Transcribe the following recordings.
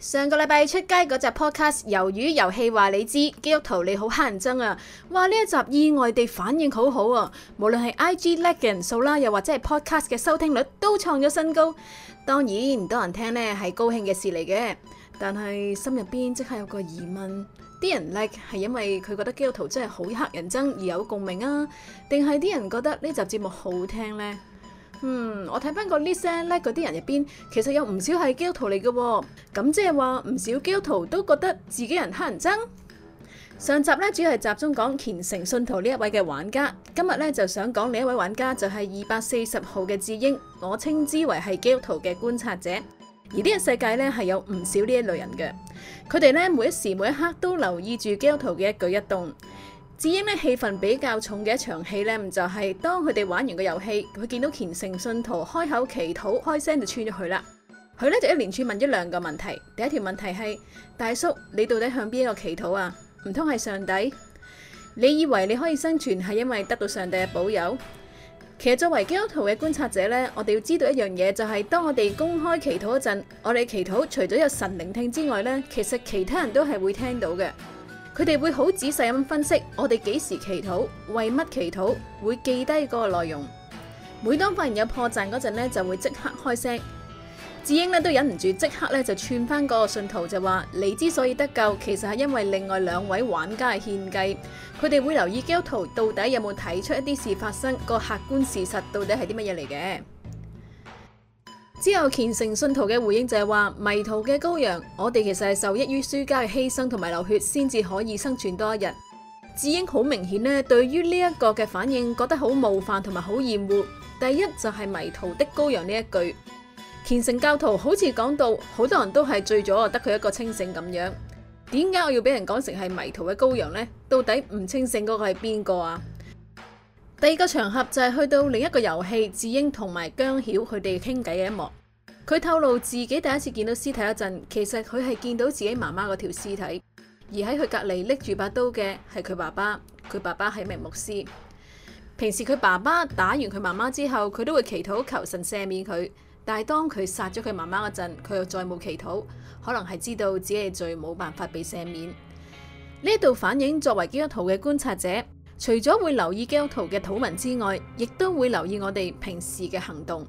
上個禮拜出街嗰集 podcast《魷魚遊戲》話你知，基督徒你好乞人憎啊！哇，呢一集意外地反應好好啊，無論係 IG 叻 like 嘅人數啦，又或者係 podcast 嘅收聽率都創咗新高。當然，唔多人聽呢係高興嘅事嚟嘅，但係心入邊即刻有個疑問：啲人叻係因為佢覺得基督徒真係好乞人憎而有共鳴啊，定係啲人覺得呢集節目好聽呢？嗯，我睇翻個 list 咧，嗰啲人入邊其實有唔少係基督徒嚟嘅喎。咁即係話唔少基督徒都覺得自己人黑人憎。上集咧主要係集中講虔誠信徒呢一位嘅玩家，今日咧就想講呢一位玩家就係二百四十號嘅智英，我稱之為係基督徒嘅觀察者。而呢個世界咧係有唔少呢一類人嘅，佢哋咧每一時每一刻都留意住基督徒嘅一舉一動。至於呢氣氛比較重嘅一場戲咧，就係當佢哋玩完個遊戲，佢見到虔誠信徒開口祈禱，開聲就串咗佢啦。佢呢就一連串問咗兩個問題。第一條問題係：大叔，你到底向邊一個祈禱啊？唔通係上帝？你以為你可以生存係因為得到上帝嘅保佑？其實作為基督徒嘅觀察者呢，我哋要知道一樣嘢，就係當我哋公開祈禱一陣，我哋祈禱除咗有神聆聽之外呢，其實其他人都係會聽到嘅。佢哋會好仔細咁分析我哋幾時祈禱，為乜祈禱，會記低嗰個內容。每當發現有破綻嗰陣咧，就會即刻開聲。智英咧都忍唔住，即刻咧就串翻嗰個信徒就話：你之所以得救，其實係因為另外兩位玩家嘅獻計。佢哋會留意膠圖到底有冇睇出一啲事發生，個客觀事實到底係啲乜嘢嚟嘅。之後虔誠信徒嘅回應就係話：迷途嘅羔羊，我哋其實係受益於輸家嘅犧牲同埋流血，先至可以生存多一日。智英好明顯呢，對於呢一個嘅反應，覺得好冒犯同埋好厭惡。第一就係、是、迷,迷途的羔羊呢一句，虔誠教徒好似講到好多人都係醉咗，得佢一個清醒咁樣。點解我要俾人講成係迷途嘅羔羊呢？到底唔清醒嗰個係邊個啊？第二個場合就係去到另一個遊戲，智英同埋姜曉佢哋傾偈嘅一幕。佢透露自己第一次見到屍體嗰陣，其實佢係見到自己媽媽嗰條屍體，而喺佢隔籬拎住把刀嘅係佢爸爸。佢爸爸係名牧師，平時佢爸爸打完佢媽媽之後，佢都會祈禱求神赦免佢。但係當佢殺咗佢媽媽嗰陣，佢又再冇祈禱，可能係知道自己嘅罪冇辦法被赦免。呢一度反映作為基督徒嘅觀察者。除咗會留意基督徒嘅土文之外，亦都會留意我哋平時嘅行動。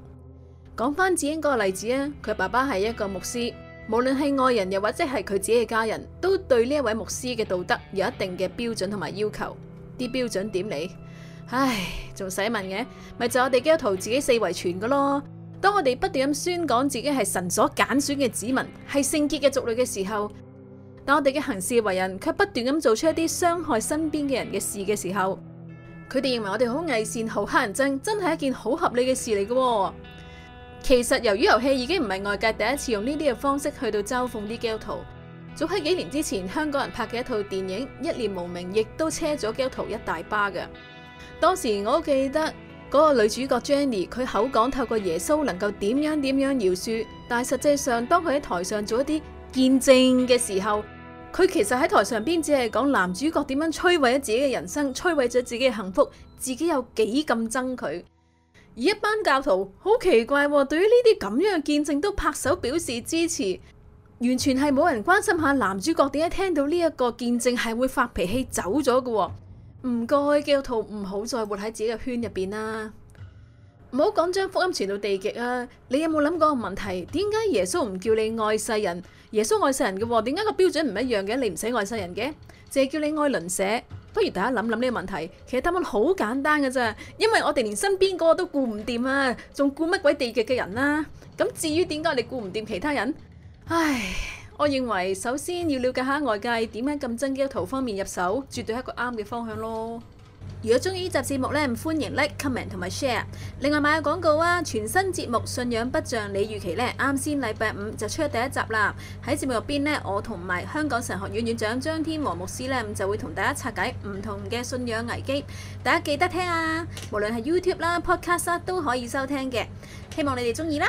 講翻子英嗰個例子咧，佢爸爸係一個牧師，無論係外人又或者係佢自己嘅家人都對呢一位牧師嘅道德有一定嘅標準同埋要求。啲標準點嚟？唉，仲使問嘅？咪就係我哋基督徒自己四圍傳噶咯。當我哋不斷咁宣講自己係神所揀選嘅子民，係聖潔嘅族類嘅時候，當我哋嘅行事為人卻不斷咁做出一啲傷害身邊嘅人嘅事嘅時候，佢哋認為我哋好偽善、好乞人憎，真係一件好合理嘅事嚟㗎喎。其實《魷魚遊戲》已經唔係外界第一次用呢啲嘅方式去到嘲諷啲基督徒。早喺幾年之前，香港人拍嘅一套電影一念無明，亦都車咗基督徒一大巴嘅。當時我好記得嗰個女主角 Jenny，佢口講透過耶穌能夠點樣點樣饒恕，但係實際上當佢喺台上做一啲見證嘅時候，佢其實喺台上邊只係講男主角點樣摧毀咗自己嘅人生，摧毀咗自己嘅幸福，自己有幾咁憎佢。而一班教徒好奇怪喎，對於呢啲咁樣嘅見證都拍手表示支持，完全係冇人關心下男主角點解聽到呢一個見證係會發脾氣走咗嘅喎。唔該，教徒唔好再活喺自己嘅圈入邊啦。唔好講將福音傳到地極啊！你有冇諗過個問題？點解耶穌唔叫你愛世人？耶穌愛世人嘅喎，點解個標準唔一樣嘅？你唔使愛世人嘅，淨係叫你愛鄰舍。不如大家諗諗呢個問題。其實答案好簡單嘅啫，因為我哋連身邊個都顧唔掂啊，仲顧乜鬼地極嘅人啦，啊？咁至於點解你顧唔掂其他人？唉，我認為首先要了解下外界點樣咁掙嘅從方面入手，絕對係一個啱嘅方向咯。如果中意呢集節目咧，唔歡迎 Like、comment 同埋 share。另外買下廣告啊！全新節目信仰不像你預期呢，啱先禮拜五就出咗第一集啦。喺節目入邊呢，我同埋香港神學院院長張天和牧師呢，就會同大家拆解唔同嘅信仰危機。大家記得聽啊！無論係 YouTube 啦、Podcast 啦，都可以收聽嘅。希望你哋中意啦。